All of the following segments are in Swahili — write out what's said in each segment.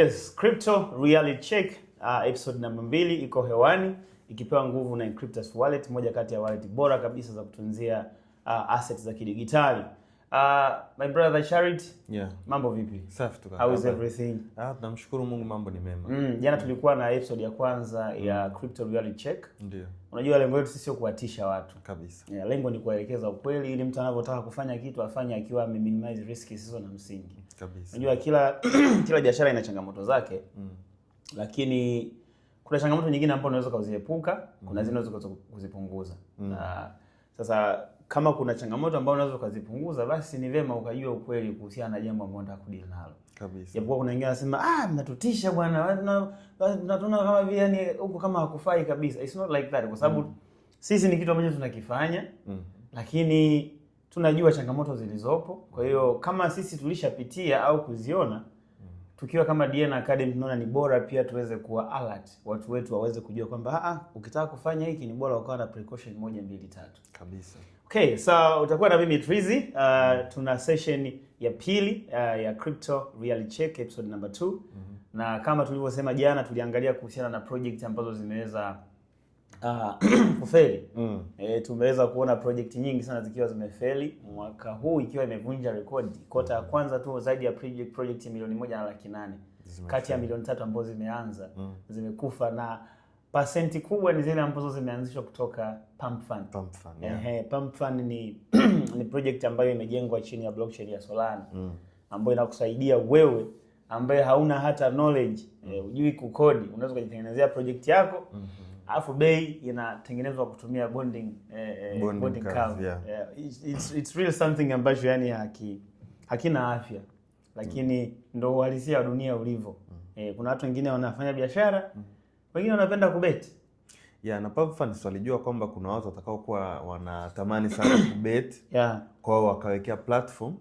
Yes, Crypto Reality Check uh, episode namba mbili iko hewani ikipewa nguvu na Encryptus Wallet, moja kati ya wallet bora kabisa za kutunzia uh, assets za kidigitali. Uh, my brother Charity, yeah. Mambo vipi? Safi tu How is everything? Ah, namshukuru Mungu mambo ni mema. Mm, jana yeah. Tulikuwa na episode ya kwanza mm. ya Crypto Reality Check. Ndio. Unajua lengo letu sio kuwatisha watu. Kabisa. Yeah, lengo ni kuwaelekeza ukweli ili mtu anavyotaka kufanya kitu afanye akiwa ame minimize risk zisizo na msingi kabisa. Unajua kila kila biashara ina changamoto zake mm. Lakini kuna changamoto nyingine ambazo unaweza kuziepuka, kuna mm. zile unaweza kuzipunguza mm. Na sasa kama kuna changamoto ambazo unaweza kuzipunguza, basi ni vema ukajua ukweli kuhusiana na jambo ambalo unataka kudili nalo kabisa. Japokuwa kuna wengine wanasema ah, mnatutisha bwana, tunatuna kama vile yani huko kama hakufai kabisa. It's not like that kwa sababu mm. sisi ni kitu ambacho tunakifanya mm. lakini tunajua changamoto zilizopo. Kwa hiyo kama sisi tulishapitia au kuziona tukiwa kama DNA Academy tunaona ni bora pia tuweze kuwa alert watu wetu waweze kujua kwamba ah, ukitaka kufanya hiki ni bora ukawa na precaution moja mbili tatu kabisa. Okay, so utakuwa na mimi Trizi. Uh, mm. tuna session ya pili uh, ya Crypto Reality Check episode number 2 mm -hmm. Na kama tulivyosema jana, tuliangalia kuhusiana na project ambazo zimeweza Ah, kufeli. Mm. E, tumeweza kuona project nyingi sana zikiwa zimefeli mwaka huu ikiwa imevunja rekodi kota ya kwanza tu zaidi ya project, project milioni moja na laki nane kati ya milioni tatu ambazo zimeanza mm. zimekufa na pasenti kubwa ni zile ambazo zimeanzishwa kutoka Pump Fund. Pump Fund, yeah. Ehe, Pump Fund ni ni project ambayo imejengwa chini ya blockchain ya Solana mm. ambayo inakusaidia wewe ambaye hauna hata knowledge mm. e, ujui kukodi unaweza kujitengenezea project yako mm -hmm alafu bei inatengenezwa kutumia bonding, eh, eh, bonding, bonding curve. curve. Yeah. Yeah. It's, it's, it's real something ambacho yani haki, hakina afya lakini mm. ndo uhalisia wa dunia ulivyo. mm. Eh, kuna watu wengine wanafanya biashara mm. wengine wanapenda kubeti ya na PubFund walijua kwamba kuna watu watakaokuwa wanatamani sana kubet yeah. kwao wakawekea platform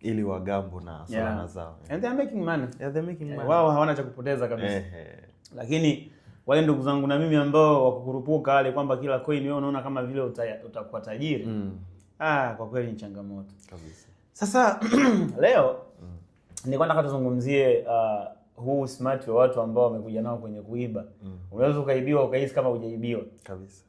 ili wagambo na salana yeah. zao and they are making money, yeah, they are making eh, money. Wao hawana cha kupoteza kabisa eh, eh. lakini wale ndugu zangu na mimi ambao wakukurupuka wale kwamba kila coin wewe unaona kama vile utakuwa tajiri mm. Ah, kwa kweli ni changamoto kabisa. Sasa leo mm. ni kwenda tuzungumzie uh, huu smart wa watu ambao wamekuja nao kwenye kuiba mm. unaweza ukaibiwa ukahisi kama hujaibiwa kabisa.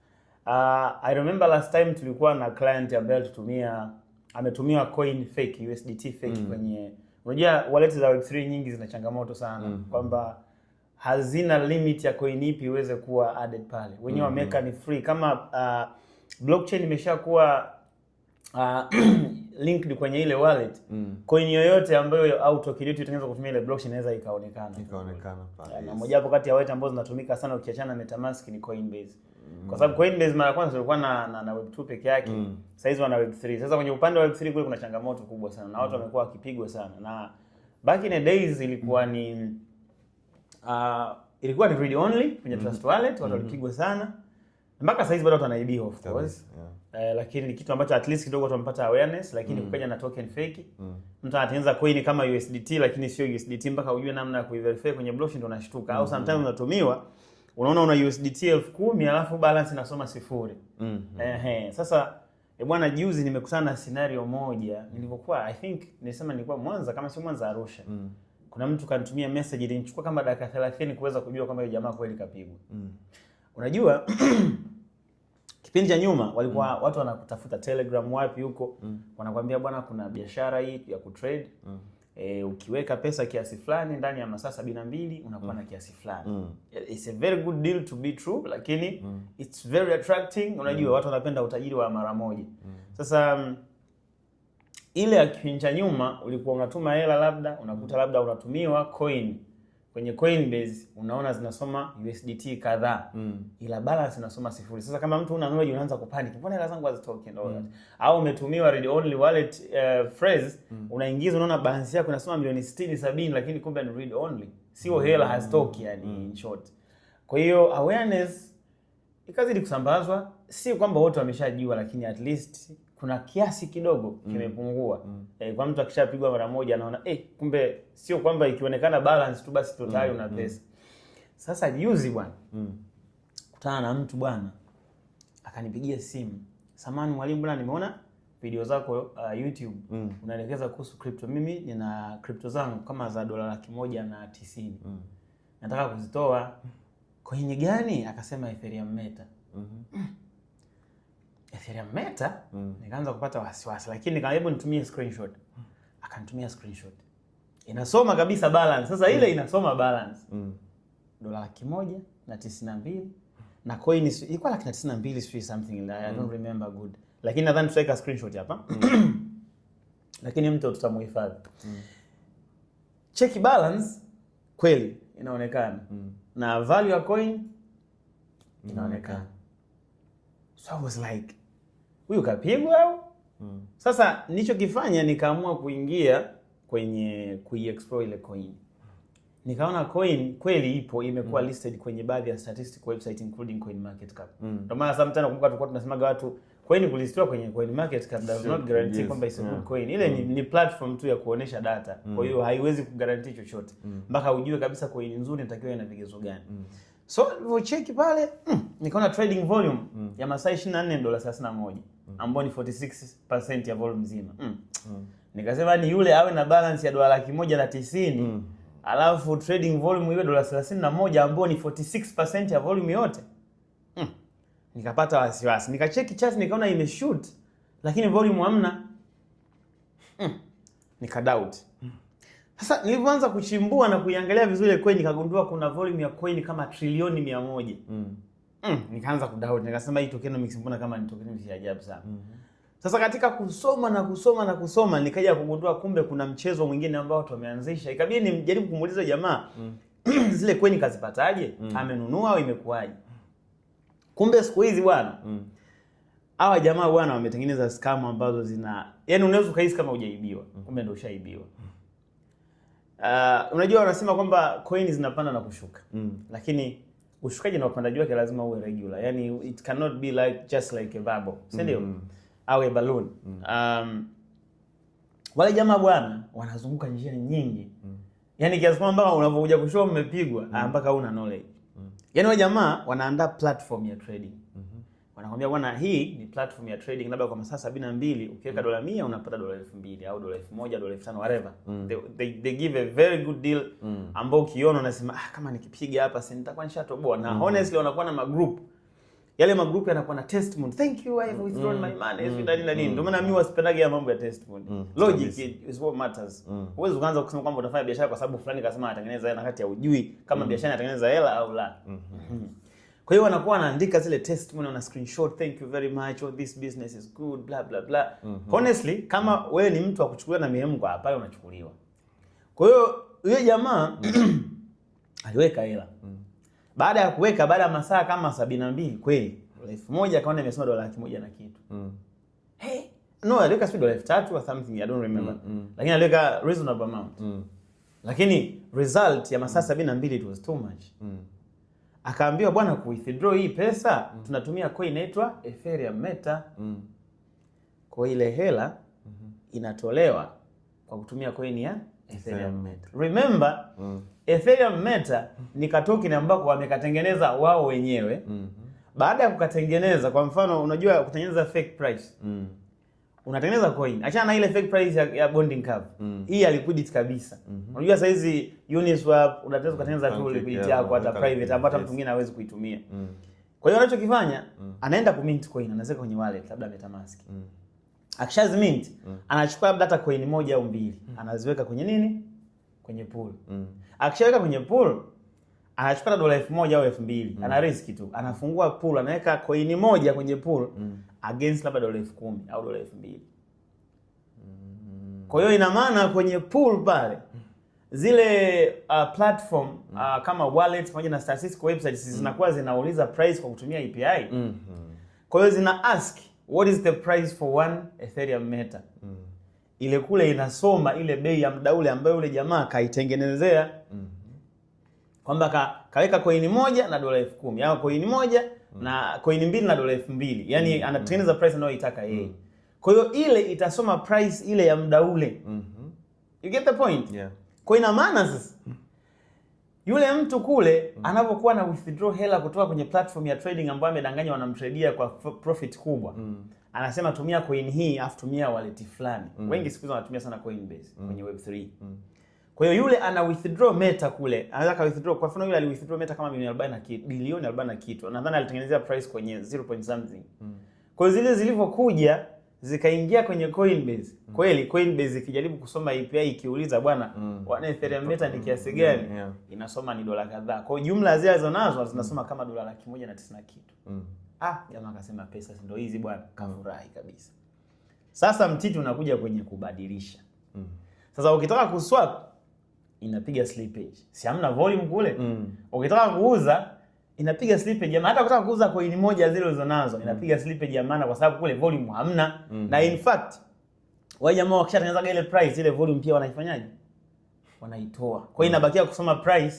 Uh, I remember last time tulikuwa na client ambaye alitumia ametumia coin fake USDT fake mm. kwenye unajua wallet za web3 nyingi zina changamoto sana mm. kwamba hazina limit ya coin ipi iweze kuwa added pale, wenyewe mm -hmm. ni free kama uh, blockchain imeshakuwa uh, linked kwenye ile wallet mm. coin yoyote ambayo au token yote itatengenezwa kutumia ile blockchain inaweza ikaonekana ikaonekana pale. Na moja hapo kati ya wallet ambazo zinatumika sana ukiachana na MetaMask ni Coinbase. Mm. Kwa sababu Coinbase mara kwanza ilikuwa na, na, na Web2 peke yake. Mm. Sasa hizo wana Web3. Sasa kwenye upande wa Web3 kule kuna changamoto kubwa sana na watu mm. wamekuwa mm. wakipigwa sana. Na back in the days ilikuwa mm. ni uh, ilikuwa ni read only kwenye mhm. Trust Wallet watu mhm. walipigwa sana mpaka hizi bado watu wanaibiwa of course yeah. Uh, lakini ni kitu ambacho at least kidogo tumepata awareness, lakini mm. kukaja na token fake mm. mtu anatengeneza coin kama USDT lakini sio USDT, mpaka ujue namna ya kuiverify kwenye blockchain ndo unashtuka. mm. au mhm. sometimes unatumiwa unaona una USDT 10000 alafu balance inasoma sifuri. mm -hmm. Ehe, sasa e bwana, juzi nimekutana na scenario moja mm. nilipokuwa, I think nilisema nilikuwa Mwanza kama sio Mwanza Arusha. mm kuna mtu kanitumia message ilinichukua kama dakika 30 kuweza kujua kwamba yule jamaa kweli kapigwa. Mm. Unajua kipindi cha nyuma walikuwa mm. watu wanakutafuta Telegram wapi huko mm. wanakuambia bwana, kuna biashara hii ya kutrade mm. E, ukiweka pesa kiasi fulani ndani ya masaa sabini na mbili unakuwa mm. na mm. kiasi fulani mm. It's a very good deal to be true, lakini mm. it's very attracting. Unajua mm. watu wanapenda utajiri wa mara moja mm. Sasa mm, ile ya kipindi cha nyuma ulikuwa unatuma hela labda unakuta labda unatumiwa coin kwenye Coinbase unaona zinasoma USDT kadhaa mm. ila balance inasoma sifuri. Sasa kama mtu una knowledge unaanza kupanic, mbona hela zangu hazitoki ndio mm. au umetumiwa read only wallet uh, phrase mm. unaingiza unaona balance yako inasoma milioni 60 70, lakini kumbe ni read only, sio mm. hela mm. hazitoki yani mm. in short. Kwa hiyo awareness ikazidi kusambazwa, si kwamba wote wameshajua, lakini at least kuna kiasi kidogo mm. kimepungua mm. E, kwa mtu akishapigwa mara moja anaona eh, kumbe sio kwamba ikionekana balance tu basi totali mm. una mm. pesa mm. Sasa juzi bwana mm. kutana na mtu bwana akanipigia simu, samani mwalimu, bwana nimeona video zako uh, YouTube mm. unaelekeza kuhusu crypto. Mimi nina crypto zangu kama za dola laki moja na tisini mm. nataka kuzitoa kwenye gani? Akasema Ethereum Meta mm-hmm. mm -hmm. Meta mm. Nikaanza kupata wasiwasi, lakini nikamwambia hebu nitumie screenshot. Akanitumia screenshot, inasoma kabisa balance sasa. Ile mm. inasoma balance mm. dola laki moja na tisini na mbili na coin ilikuwa laki na tisini na mbili sijui something like I don't mm. remember good, lakini nadhani tutaweka screenshot hapa mm. lakini mtu tutamuhifadhi mm. check balance kweli inaonekana mm. na value ya coin inaonekana mm. So I was like huyu kapigwa au? mm. Sasa nilichokifanya nikaamua kuingia kwenye kuiexplore ile coin. Nikaona coin kweli ipo imekuwa mm. listed kwenye baadhi ya statistic website including coin market cap. Hmm. Ndio maana sometimes nakumbuka tulikuwa tunasemaga watu coin kulistiwa kwenye coin market cap does not guarantee yes. kwamba is a good yeah. coin. Ile mm. ni, hmm. ni platform tu ya kuonesha data. Mm. Kwa hmm. hiyo haiwezi kugarantee chochote mpaka mm. ujue kabisa coin nzuri inatakiwa ina vigezo gani. Mm. So nilipocheki pale mm, nikaona trading volume mm. ya masaa 24 dola 31 mm. ambayo ni 46% ya volume nzima mm. mm. Nikasema ni yule awe na balance ya dola laki moja na tisini mm. alafu trading volume iwe dola 31 ambayo ni 46% ya volume yote mm. Nikapata wasiwasi, nikacheki chart nikaona imeshoot, lakini volume hamna mm. doubt mm. Sasa nilipoanza kuchimbua na kuiangalia vizuri ile coin nikagundua kuna volume ya coin kama trilioni 100. Mm. Mm, nikaanza kudoubt nikasema hii tokenomics mbona kama ni tokenomics ya ajabu sana. Mm -hmm. Sasa katika kusoma na kusoma na kusoma nikaja kugundua kumbe kuna mchezo mwingine ambao watu wameanzisha. Ikabidi nimjaribu kumuuliza jamaa mm. zile coin kazipataje? Mm. Amenunua au imekuwaje? Kumbe siku hizi bwana mm. hawa jamaa bwana wametengeneza scam ambazo zina yaani unaweza ukahisi kama hujaibiwa. Mm. Kumbe ndio ushaibiwa. Mm. Uh, unajua wanasema kwamba coin zinapanda na kushuka mm. Lakini ushukaji na upandaji wake lazima uwe regular, Yaani it cannot be like just like a bubble, si ndio? mm. au a balloon mm. um, wale jamaa bwana wanazunguka njia nyingi mm. Yaani kiasi kwamba mpaka unavyokuja umepigwa mmepigwa mm. Ah, mpaka una knowledge mm. Yaani wale jamaa wanaandaa platform ya trading wanakwambia bwana, hii ni platform ya trading, labda kwa masaa sabini na mbili ukiweka mm. dola mia unapata dola elfu mbili au dola elfu moja dola elfu tano whatever. Mm. They, they, give a very good deal mm. ambao ukiona unasema ah, kama nikipiga hapa si nitakuwa nishatoboa na mm. honestly wanakuwa na magroup yale magroup yanakuwa na testimony, thank you I have withdrawn mm. my money mm. nini na nini. Ndio maana mimi wasipendagi ya mambo ya testimony mm. logic is what matters. Huwezi mm. ukaanza kusema kwamba utafanya biashara kwa sababu fulani kasema anatengeneza hela, wakati haujui kama mm. biashara inatengeneza hela au la mm -hmm. Kwa hiyo wanakuwa wanaandika zile testimony na screenshot, thank you very much, oh, this business is good bla bla bla. Mm -hmm. Honestly, kama mm -hmm. wewe ni mtu wa kuchukuliwa na miemko hapa pale unachukuliwa. Kwa hiyo yule jamaa mhm. aliweka hela. Mm. Baada ya kuweka baada ya masaa kama 72 kweli elfu moja akaona imesema dola laki moja na kitu. Mm. Hey, no, aliweka si dola elfu tatu or something, I don't remember. Mm -hmm. Lakini aliweka reasonable amount. Mm. Lakini result ya masaa mbili it was too much. Mm akaambiwa bwana, ku withdraw hii pesa mm. tunatumia coin inaitwa Ethereum Meta mm. kwa ile hela mm -hmm. inatolewa kwa kutumia coin ya Ethereum Meta. Remember mm. Ethereum Meta ni katoken ambako wamekatengeneza wao wenyewe mm -hmm. baada ya kukatengeneza, kwa mfano, unajua kutengeneza fake price mm unatengeneza mm. coin. Achana na ile fake price ya, ya bonding curve. Mm. Hii ya liquidity kabisa. Mm-hmm. Mm -hmm. Unajua sasa hizi Uniswap unaweza kutengeneza tu liquidity yako hata private ambapo hata mtu mwingine hawezi kuitumia. Mm. Kwa hiyo anachokifanya mm. anaenda ku mint coin, anaweka kwenye wallet labda MetaMask. Mm. akishaz mint, mm. anachukua labda hata coin moja au mbili, mm. anaziweka kwenye nini? Kwenye pool. Mm. Akishaweka kwenye pool, anachukua dola elfu moja au elfu mbili mm. ana riski tu, anafungua pool, anaweka coin moja kwenye pool mm. against labda dola elfu kumi au dola elfu mbili mm. kwa hiyo ina maana kwenye pool pale zile uh, platform mm. uh, kama wallet pamoja na taasisi kwa website mm. zinakuwa zinauliza price kwa kutumia API mm -hmm. kwa hiyo zina ask what is the price for one Ethereum meter mm. ile kule inasoma ile bei ya mdaule ambayo yule jamaa kaitengenezea mm kwamba ka, kaweka coin moja na dola elfu kumi au coin moja mm. na coin mbili na dola elfu mbili yani mm. anatengeneza mm-hmm. price anayoitaka yeye mm. kwa hiyo ile itasoma price ile ya muda ule mm -hmm. you get the point yeah. kwa ina maana sasa yule mtu kule mm. anapokuwa na withdraw hela kutoka kwenye platform ya trading ambayo amedanganya wanamtradia kwa profit kubwa mm. anasema tumia coin hii afu tumia wallet fulani mm. wengi siku hizi wanatumia sana coin base mm. kwenye web3 mm. Kwa hiyo yule ana withdraw meta kule. Anaweza ka withdraw kwa mfano yule ali withdraw meta kama milioni 40 na kitu, bilioni 40 na kitu. Nadhani alitengenezea price kwenye 0 point something. Mm. Kwa hiyo zile zilivyokuja zikaingia kwenye Coinbase. Mm. Kweli Coinbase ikijaribu kusoma API ikiuliza bwana, mm. wana Ethereum meta ni kiasi gani? Yeah, Inasoma ni dola kadhaa. Kwa hiyo jumla zile alizonazo zinasoma hmm. kama dola laki moja na tisini na kitu. Mm. Ah, jamaa akasema pesa ndio hizi bwana, hmm. kafurahi kabisa. Sasa mtiti unakuja kwenye kubadilisha. Mm. Sasa ukitaka kuswap inapiga slippage. Si hamna volume kule? Mm. Ukitaka kuuza inapiga slippage ya hata ukitaka kuuza coin moja zile ulizonazo mm. inapiga mm. slippage ya maana kwa sababu kule volume hamna. Mm. -hmm. Na in fact wao jamaa wakishatangaza ile price ile volume pia wanaifanyaje? Wanaitoa. Kwa hiyo mm. inabakia kusoma price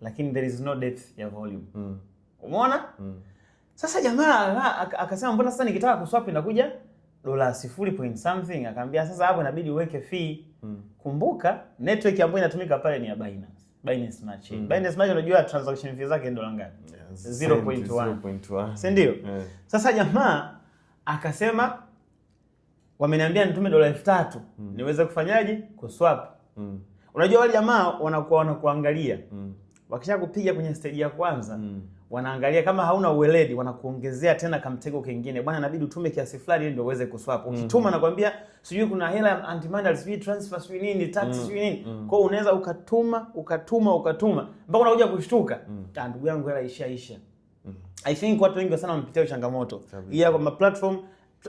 lakini there is no depth ya volume. Mm. Umeona? Mm. Sasa jamaa ah, akasema mbona sasa nikitaka kuswap inakuja dola sifuri point something, akaambia sasa hapo inabidi uweke fee mm. Kumbuka network ambayo inatumika pale ni ya Binance Binance Smart Chain mm. Binance Smart unajua transaction fee zake dola ngapi? yes, 0.1 si ndio? yeah. Sasa jamaa akasema wameniambia nitume dola elfu mm. niweze kufanyaje kuswap mm. Unajua wale jamaa wanakuwa wanakuangalia mm. wakishakupiga kwenye stage ya kwanza mm wanaangalia kama hauna uweledi, wanakuongezea tena kamtego kingine, bwana, inabidi utume kiasi fulani ili ndio uweze kuswap. Mhm. Ukituma mm -hmm. nakwambia sijui kuna hela anti money, sijui transfer, sijui nini tax, mhm. sijui nini mm -hmm. kwao, unaweza ukatuma ukatuma ukatuma mpaka unakuja kushtuka, mm -hmm. ndugu yangu, hela ishaisha. mm -hmm. I think watu wengi sana wamepitia changamoto hii ya kwa platform.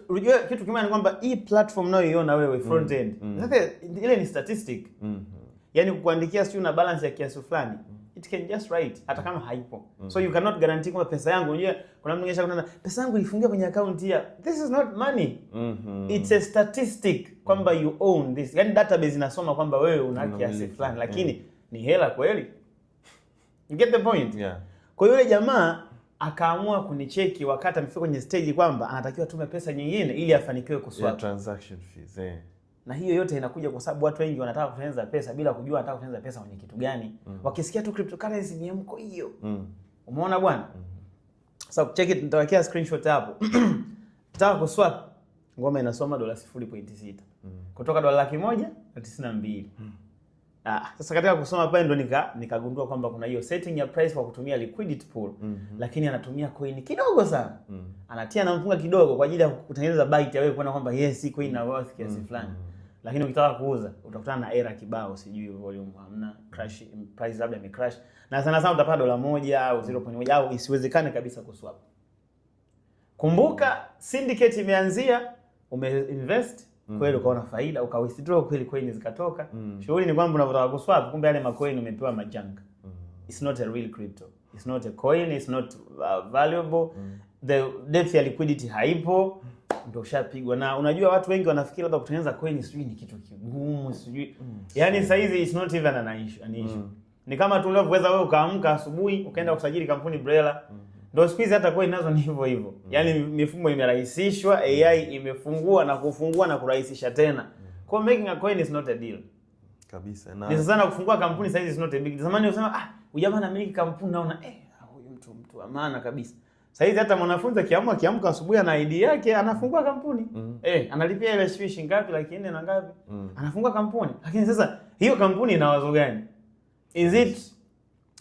Unajua kitu kimoja ni kwamba hii platform nayo iona wewe mhm. front end mm -hmm. sasa ile ni statistic mm -hmm. yani kukuandikia sijui na balance ya kiasi fulani mm -hmm it can just write hata kama haipo. Mm. So you cannot guarantee kwamba pesa yangu, unajua kuna mtu mwingine kuna pesa yangu ifungia kwenye account ya. This is not money. Mm -hmm. It's a statistic kwamba mm. you own this. yani database inasoma kwamba wewe una kiasi fulani lakini yeah. Mm. ni hela kweli. You get the point? Yeah. Kwa yule jamaa akaamua kunicheki wakati amefika kwenye stage kwamba anatakiwa tume pesa nyingine ili afanikiwe kuswap. Yeah, transaction fees. Eh. Yeah na hiyo yote inakuja kwa sababu watu wengi wanataka kutengeneza pesa bila kujua wanataka kutengeneza pesa kwenye kitu gani. Mm. Wakisikia tu cryptocurrency ni mko hiyo. Mm. Umeona bwana? Mm. So check it, nitawekea screenshot hapo. Nataka kuswap ngoma inasoma dola 0.6. Mm. Kutoka dola laki moja na tisini Mm. Ah, sasa katika kusoma pale ndo nika nikagundua kwamba kuna hiyo setting ya price kwa kutumia liquidity pool. Mm -hmm. Lakini anatumia coin kidogo sana. Mm. -hmm. Anatia na mfunga kidogo kwa ajili ya kutengeneza byte ya wewe kuona kwamba yes coin ina worth kiasi mm-hmm. fulani. Mm -hmm. Lakini ukitaka kuuza utakutana na era kibao, sijui volume hamna, crash price labda ni crash, na sana sana utapata dola moja au 0.1 au isiwezekane kabisa kuswap. Kumbuka syndicate imeanzia, umeinvest mm. kweli ukaona faida, uka withdraw kweli coin zikatoka mm. shughuli ni kwamba unavyotaka kuswap, kumbe yale coin umepewa majanga mm. it's not a real crypto, it's not a coin, it's not uh, valuable mm the depth ya liquidity haipo, ndio ushapigwa. Na unajua watu wengi wanafikiri labda kutengeneza coin sijui ni kitu kigumu, sijui mm. yani sasa hizi it's not even an issue, an issue. Mm. Ni kama tu unavyoweza wewe ukaamka asubuhi ukaenda mm. kusajili kampuni Brela. Mm. Ndio siku hizi hata coin nazo ni hivyo hivyo. Mm. Yaani mifumo imerahisishwa, AI imefungua na kufungua na kurahisisha tena. Mm. Kwa making a coin is not a deal. Kabisa. Na ni na kufungua kampuni sasa hizi is not a big. Zamani unasema ah, ujamaa na anamiliki kampuni naona eh, huyu mtu mtu wa maana kabisa. Saizi hata mwanafunzi akiamua akiamka asubuhi ana ID yake anafungua kampuni. Mm. Eh, analipia ile shilingi ngapi laki nne na ngapi? Mm. Anafungua kampuni. Lakini sasa hiyo kampuni ina wazo gani? Is it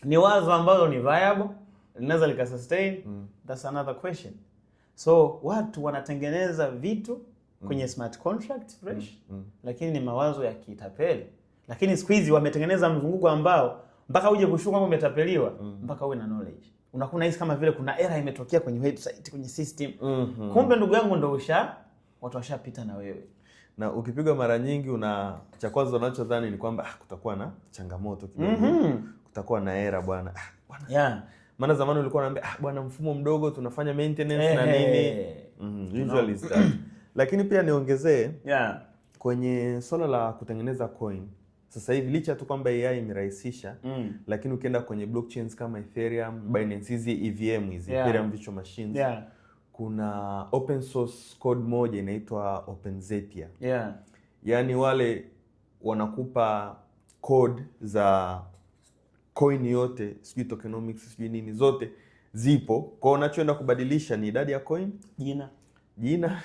ni wazo ambalo ni viable? Linaweza lika sustain? Mm. That's another question. So watu wanatengeneza vitu mm. kwenye mm. smart contract fresh mm. Mm. lakini ni mawazo ya kitapeli. Lakini siku hizi wametengeneza mzunguko ambao mpaka uje kushuka kama umetapeliwa mm. mpaka uwe na knowledge unakuwa unahisi kama vile kuna era imetokea kwenye website, kwenye system mm -hmm. Kumbe ndugu yangu ndo usha watu washapita na wewe na ukipigwa mara nyingi, una cha kwanza unachodhani ni kwamba ah, kutakuwa na changamoto kidogo mm -hmm. kutakuwa na era bwana ah, bwana yeah. Maana zamani ulikuwa unaambia ah, bwana mfumo mdogo tunafanya maintenance hey, na nini hey. mm -hmm. usually no. Lakini pia niongezee yeah. kwenye swala la kutengeneza coin sasa hivi licha tu kwamba AI imerahisisha mm. lakini ukienda kwenye blockchains kama Ethereum, mm. Binance hizi EVM hizi yeah. Ethereum virtual machines yeah. kuna open source code moja inaitwa OpenZapier. yeah. yaani wale wanakupa code za coin yote, sijui tokenomics, sijui nini, zote zipo Kwa hiyo Unachoenda kubadilisha ni idadi ya coin, jina jina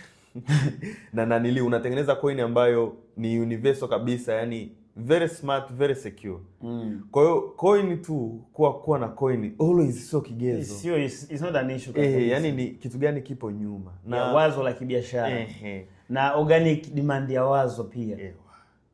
na nanili, unatengeneza coin ambayo ni universal kabisa, yani very smart, very secure. Mm. Kwa hiyo coin tu kuwa kuwa na coin always sio kigezo. Sio it's it's not an issue eh, kabisa. Eh, yani ni kitu gani kipo nyuma na ya wazo la kibiashara. Eh, eh. Na organic demand ya wazo pia. Eh.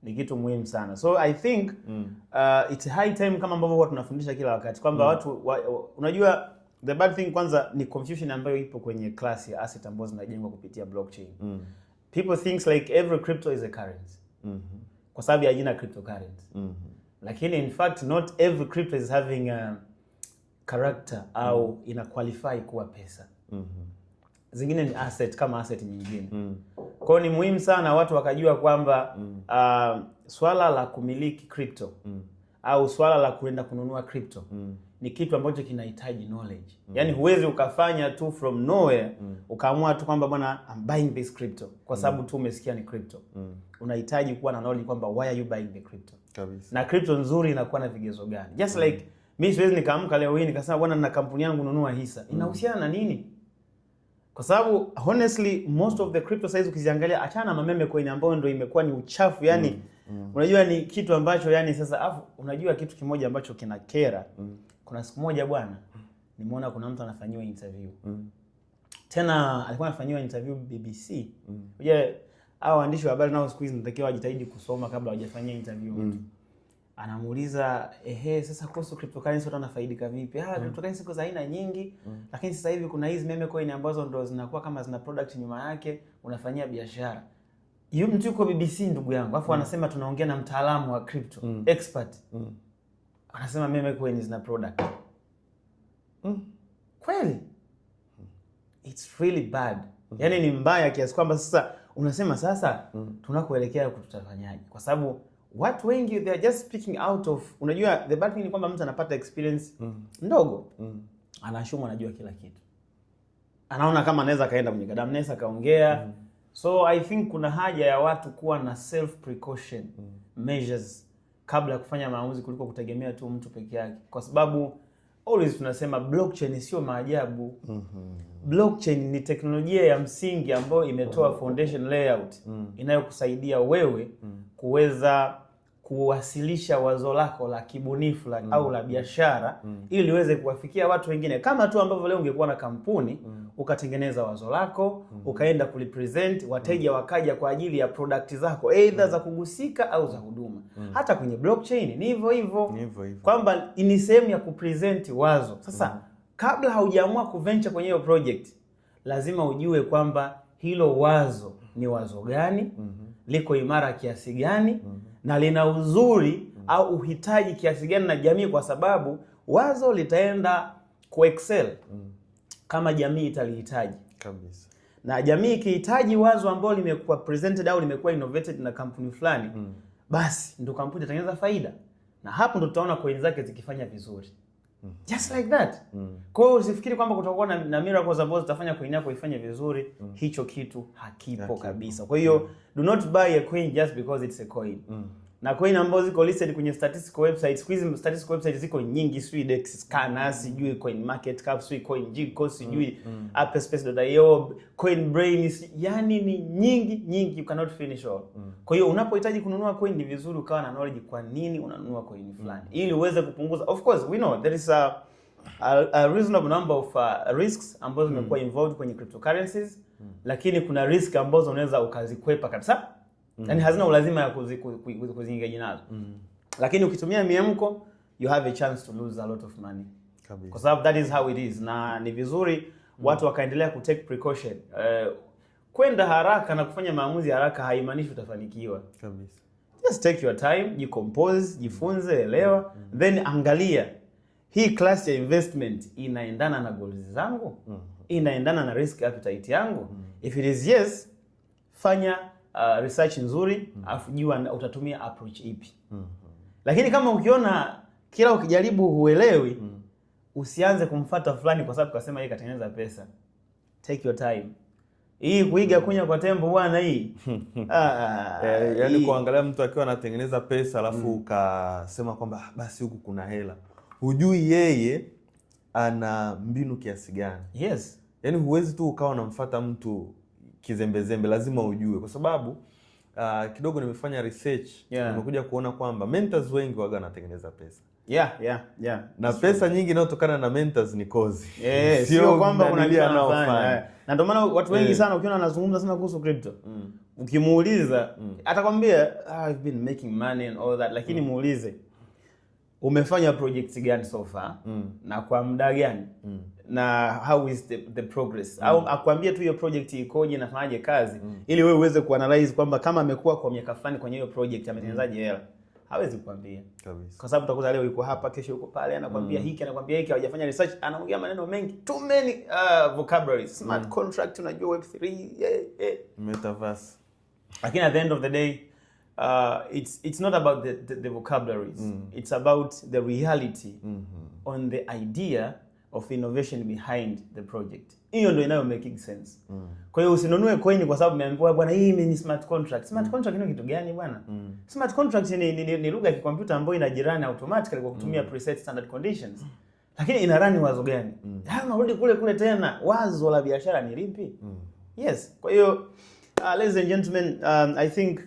Ni kitu muhimu sana. So I think mm. uh, it's high time kama ambavyo huwa tunafundisha kila wakati kwamba mm. watu wa, unajua the bad thing kwanza ni confusion ambayo ipo kwenye class ya asset ambazo zinajengwa kupitia blockchain. Mm. People thinks like every crypto is a currency. Mm -hmm kwa sababu ya jina cryptocurrency. mm -hmm. Lakini in fact not every crypto is having a character au mm -hmm. ina qualify kuwa pesa. mm -hmm. Zingine ni asset kama asset nyingine. mm -hmm. Kwa ni muhimu sana watu wakajua kwamba mm -hmm. uh, swala la kumiliki crypto mm -hmm. au swala la kuenda kununua crypto mm -hmm ni kitu ambacho kinahitaji knowledge mm. Yaani huwezi ukafanya tu from nowhere mm. ukaamua tu kwamba bwana I'm buying this crypto kwa mm. sababu mm. tu umesikia ni crypto mm. unahitaji kuwa na knowledge kwamba why are you buying the crypto kabisa, na crypto nzuri inakuwa na vigezo gani? Just mm. like mimi siwezi nikaamka leo hii nikasema bwana, na kampuni yangu nunua hisa mm. inahusiana na nini? Kwa sababu honestly most of the crypto size ukiziangalia, achana na mameme coin ambayo ndio imekuwa ni uchafu yani mm. Mm. unajua ni kitu ambacho yani sasa, afu unajua kitu kimoja ambacho kinakera mm kuna siku moja bwana, nimeona kuna mtu anafanyiwa interview mm. Tena alikuwa anafanyiwa interview BBC. Unajua mm. hao waandishi wa habari nao siku hizi natakiwa wajitahidi kusoma kabla hawajafanyia interview mm. mtu mm. Anamuuliza ehe, sasa kuhusu cryptocurrency watu wanafaidika vipi? Ah, mm. cryptocurrency kwa aina nyingi mm. lakini sasa hivi kuna hizi meme coin ambazo ndo zinakuwa kama zina product nyuma yake, unafanyia biashara. Yule mtu yuko BBC ndugu yangu, afu mm. anasema tunaongea na mtaalamu wa crypto mm. expert mm wanasema meme queen zina product mm. Kweli hmm. it's really bad mm -hmm. yaani ni mbaya kiasi kwamba sasa unasema sasa mm -hmm. tunakuelekea kututafanyaje, kwa sababu watu wengi they are just speaking out of, unajua the bad thing ni kwamba mtu anapata experience mm ndogo mm -hmm. anajua kila kitu, anaona kama anaweza akaenda kwenye kadamu naweza akaongea mm So I think kuna haja ya watu kuwa na self precaution mm measures mm kabla ya kufanya maamuzi kuliko kutegemea tu mtu peke yake, kwa sababu always tunasema blockchain sio maajabu. mm -hmm. Blockchain ni teknolojia ya msingi ambayo imetoa mhm. foundation layout mm -hmm. inayokusaidia wewe mm -hmm. kuweza kuwasilisha wazo lako la kibunifu la, mm. au la mm, biashara mm. ili liweze kuwafikia watu wengine, kama tu ambavyo leo ungekuwa na kampuni mm. ukatengeneza wazo lako mm. ukaenda kulipresent, wateja mm. wakaja kwa ajili ya product zako aidha mm. za kugusika au za huduma mm. hata kwenye blockchain ni hivyo hivyo kwamba ni sehemu ya kupresent wazo. Sasa mm. kabla haujaamua kuventure kwenye hiyo project, lazima ujue kwamba hilo wazo ni wazo gani, mm -hmm. liko imara kiasi gani, mm -hmm na lina uzuri mm. au uhitaji kiasi gani na jamii, kwa sababu wazo litaenda ku excel mm. kama jamii italihitaji kabisa. Na jamii ikihitaji wazo ambalo limekuwa presented au limekuwa innovated na kampuni fulani mm. basi ndo kampuni itatengeneza faida, na hapo ndo tutaona coin zake zikifanya vizuri. Mm-hmm. Just like that. Mm. Kwa hiyo usifikiri kwamba kutakuwa na, na miracles ambazo zitafanya coin yako ifanye vizuri. Mm. Hicho kitu hakipo, hakipo kabisa. Kwa hiyo mm. do not buy a coin just because it's a coin. Mm na coin ambazo ziko listed kwenye statistical website. Siku hizi statistical website ziko nyingi, sijui Dex Scanner, mm. sijui Coin Market Cap, sijui Coin Gecko, mm, sijui mm. Upspace.io, Coin Brain, yani ni nyingi nyingi, you cannot finish all. Mm. Kwa hiyo unapohitaji kununua coin, ni vizuri ukawa na knowledge kwa nini unanunua coin mm. fulani, mm. ili uweze kupunguza. Of course we know there is a A, a reasonable number of uh, risks ambazo zimekuwa mm. involved kwenye cryptocurrencies mm. Lakini kuna risk ambazo unaweza ukazikwepa kabisa Mm mm. yani hazina ulazima ya kuziengage kuzi nazo mm. lakini ukitumia miemko you have a chance to lose a lot of money kwa sababu that is how it is, na ni vizuri mm. watu wakaendelea ku take precaution uh, kwenda haraka na kufanya maamuzi haraka haimaanishi utafanikiwa kabisa. Just take your time, jicompose, jifunze, mm. elewa mm mm. then angalia hii class ya investment inaendana na goals zangu mm inaendana na risk appetite yangu mm if it is yes, fanya uh, research nzuri mm. Afu jua utatumia approach ipi mm Lakini kama ukiona kila ukijaribu huelewi mm. Usianze kumfata fulani kwa sababu kasema yeye katengeneza pesa. Take your time. Hii kuiga mm. kunya kwa tembo bwana hii. Ah, eh, yaani kuangalia mtu akiwa anatengeneza pesa alafu mm. ukasema mm. kwamba ah, basi huku kuna hela. Hujui yeye ana mbinu kiasi gani. Yes. Yaani huwezi tu ukawa unamfata mtu kizembezembe, lazima ujue, kwa sababu uh, kidogo nimefanya research yeah. Nimekuja kuona kwamba mentors wengi waga wanatengeneza pesa yeah, yeah, yeah. Na That's pesa true. Nyingi inayotokana na mentors ni kozi yeah, sio kwamba unalia nao fanya, na ndio maana watu wengi yeah. sana ukiona wanazungumza sana kuhusu crypto mm. Ukimuuliza mm. atakwambia ah, I've been making money and all that, lakini mm. muulize umefanya project gani so far mm. na kwa muda gani mm na how is the, the progress mm. au akwambie tu hiyo project ikoje inafanyaje kazi mm. ili wewe uweze kuanalyze kwamba kama amekuwa kwa miaka fulani kwenye hiyo project ametengenezaje mm. hela hawezi kukwambia kwa sababu utakuta leo yuko hapa, kesho yuko pale, anakwambia mm. hiki anakwambia hiki, hawajafanya research, anaongea maneno mengi, too many uh, vocabulary, smart mm. contract, unajua web3 yeah, yeah. metaverse, lakini at the end of the day uh, it's it's not about the, the, the vocabularies mm. it's about the reality mm -hmm. on the idea of the innovation behind the project. Hiyo ndio inayo making sense. Mm. Kwa hiyo usinunue coin kwa sababu umeambiwa bwana hii ni smart contract. Smart mm. contract ni kitu gani bwana? Mm. Smart contract ni, ni, ni, ni lugha ya kikompyuta ambayo inajirani automatically kwa kutumia mm. preset standard conditions. Mm. Lakini inarani wazo gani? Mm. Unarudi ah, kule kule tena wazo la biashara ni lipi? Mm. Yes. Kwa hiyo uh, ladies and gentlemen, um, I think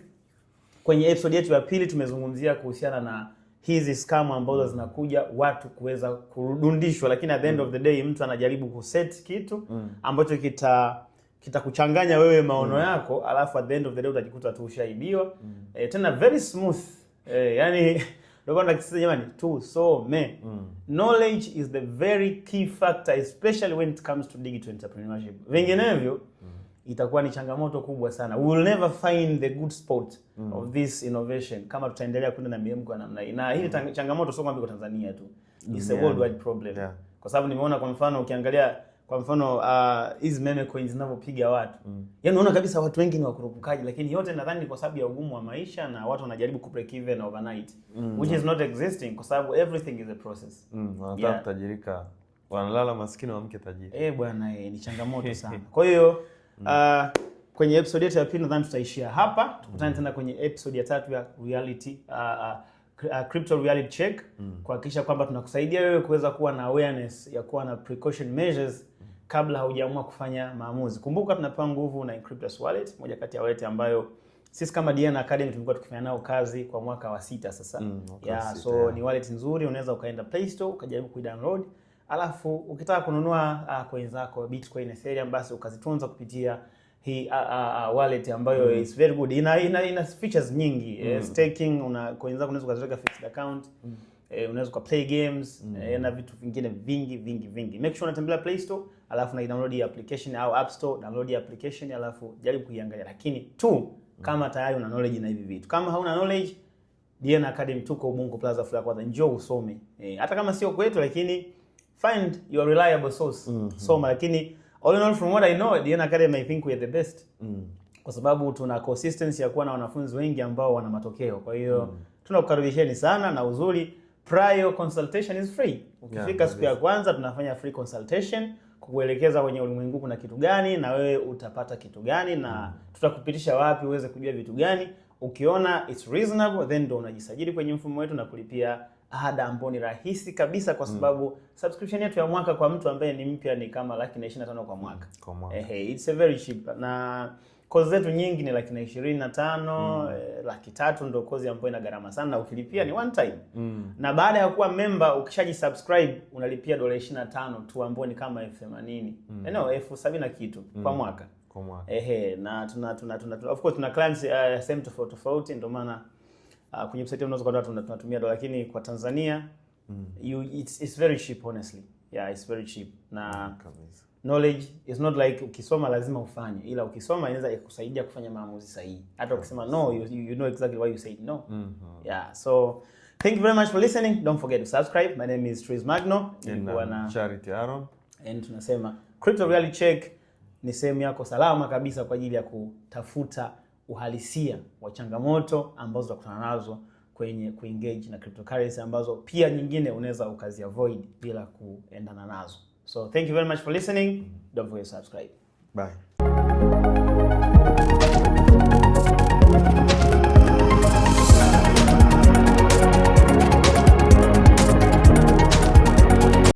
kwenye episode yetu ya pili tumezungumzia kuhusiana na hizi scam ambazo mm. zinakuja watu kuweza kurudundishwa, lakini at the end mm. of the day mtu anajaribu kuset kitu mm. ambacho kita kitakuchanganya wewe maono mm. yako, alafu at the end of the day utajikuta tu ushaibiwa mm. e, tena very smooth e, yani ndio Jamani, tu so me Mm. Knowledge is the very key factor especially when it comes to digital entrepreneurship. Vinginevyo mm itakuwa ni changamoto kubwa sana. We will never find the good spot mm. of this innovation kama tutaendelea kwenda na miemko ya namna hii, na hii mm. changamoto sio kwamba iko Tanzania tu, it's yeah. a worldwide problem yeah. kwa sababu nimeona kwa mfano ukiangalia kwa mfano uh, hizi uh, meme coins zinavyopiga watu mm. yaani unaona kabisa watu wengi ni wakurupukaji, lakini yote nadhani ni kwa sababu ya ugumu wa maisha na watu wanajaribu ku break even overnight mm. which is not existing kwa sababu everything is a process mm. wanataka yeah. kutajirika, wanalala maskini wa mke tajiri eh bwana, eh ni changamoto sana kwa hiyo Mm-hmm. Uh, kwenye episode yetu ya pili nadhani tutaishia hapa. Tukutane tena kwenye episode ya tatu ya reality uh, uh, uh crypto reality check mm-hmm. kuhakikisha kwamba tunakusaidia wewe kuweza kuwa na awareness ya kuwa na precaution measures kabla haujaamua kufanya maamuzi. Kumbuka tunapewa nguvu na Encryptus Wallet, moja kati ya wallet ambayo sisi kama Diana Academy tumekuwa tukifanya nao kazi kwa mwaka wa sita sasa. Mm, yeah, sita, so yeah. Ni wallet nzuri, unaweza ukaenda Play Store ukajaribu kuidownload alafu ukitaka kununua uh, coin zako Bitcoin, Ethereum basi ukazitunza kupitia hii uh, uh, wallet ambayo mm. is very good, ina ina, ina features nyingi eh, mm. staking, una coin zako unaweza kuziweka fixed account mm. Eh, unaweza kwa play games mm. eh, na vitu vingine vingi vingi vingi. Make sure unatembelea Play Store alafu na download hii application au App Store, download hii application alafu jaribu kuiangalia, lakini tu mm. kama tayari una knowledge na hivi vitu. Kama hauna knowledge, Diena Academy tuko Ubungo Plaza Floor kwanza, njoo usome Hata eh, hata kama sio kwetu lakini find your reliable source mm -hmm. Soma, lakini all in all from what I know Diena Academy I think we are the best mm. Kwa sababu tuna consistency ya kuwa na wanafunzi wengi ambao wana matokeo, kwa hiyo mm. tunakukaribisheni sana, na uzuri prior consultation is free. Ukifika yeah, siku ya kwanza tunafanya free consultation kukuelekeza kwenye ulimwengu kuna kitu gani na wewe utapata kitu gani na mm. tutakupitisha wapi uweze kujua vitu gani. Ukiona it's reasonable then ndo unajisajili kwenye mfumo wetu na kulipia ada ambayo ni rahisi kabisa kwa mm. sababu mm. subscription yetu ya mwaka kwa mtu ambaye ni mpya ni kama laki na ishirini na tano kwa mm, mwaka. Kwa mwaka. Ehe, it's a very cheap na kozi zetu nyingi ni laki na ishirini na tano mm. Eh, laki tatu ndio kozi ambayo ina gharama sana na ukilipia mm. ni one time mm. na baada ya kuwa memba ukishaji subscribe unalipia dola ishirini na tano tu ambayo ni kama elfu themanini mm. Yaani no elfu sabini na kitu mm. kwa mwaka. Kwa mwaka. Ehe, na tuna tuna, tuna, tuna, of course tuna clients uh, same tofauti tofauti ndio maana uh, kwenye website unaweza kuona tunatumia dola, lakini kwa Tanzania mm. you, it's, it's very cheap honestly. Yeah, it's very cheap na mm, Kabisa. knowledge is not like ukisoma lazima ufanye, ila ukisoma inaweza ikusaidia kufanya maamuzi sahihi. Hata ukisema no, you, you know exactly why you said no. mm -hmm. Yeah, so thank you very much for listening. Don't forget to subscribe. My name is Tris Magno. Nilikuwa na Charity Aaron. And tunasema Crypto Reality Check ni sehemu yako salama kabisa kwa ajili ya kutafuta uhalisia wa changamoto ambazo unakutana nazo kwenye kuengage na cryptocurrency ambazo pia nyingine unaweza ukazi avoid bila kuendana nazo. So thank you very much for listening. Don't forget to subscribe. Bye.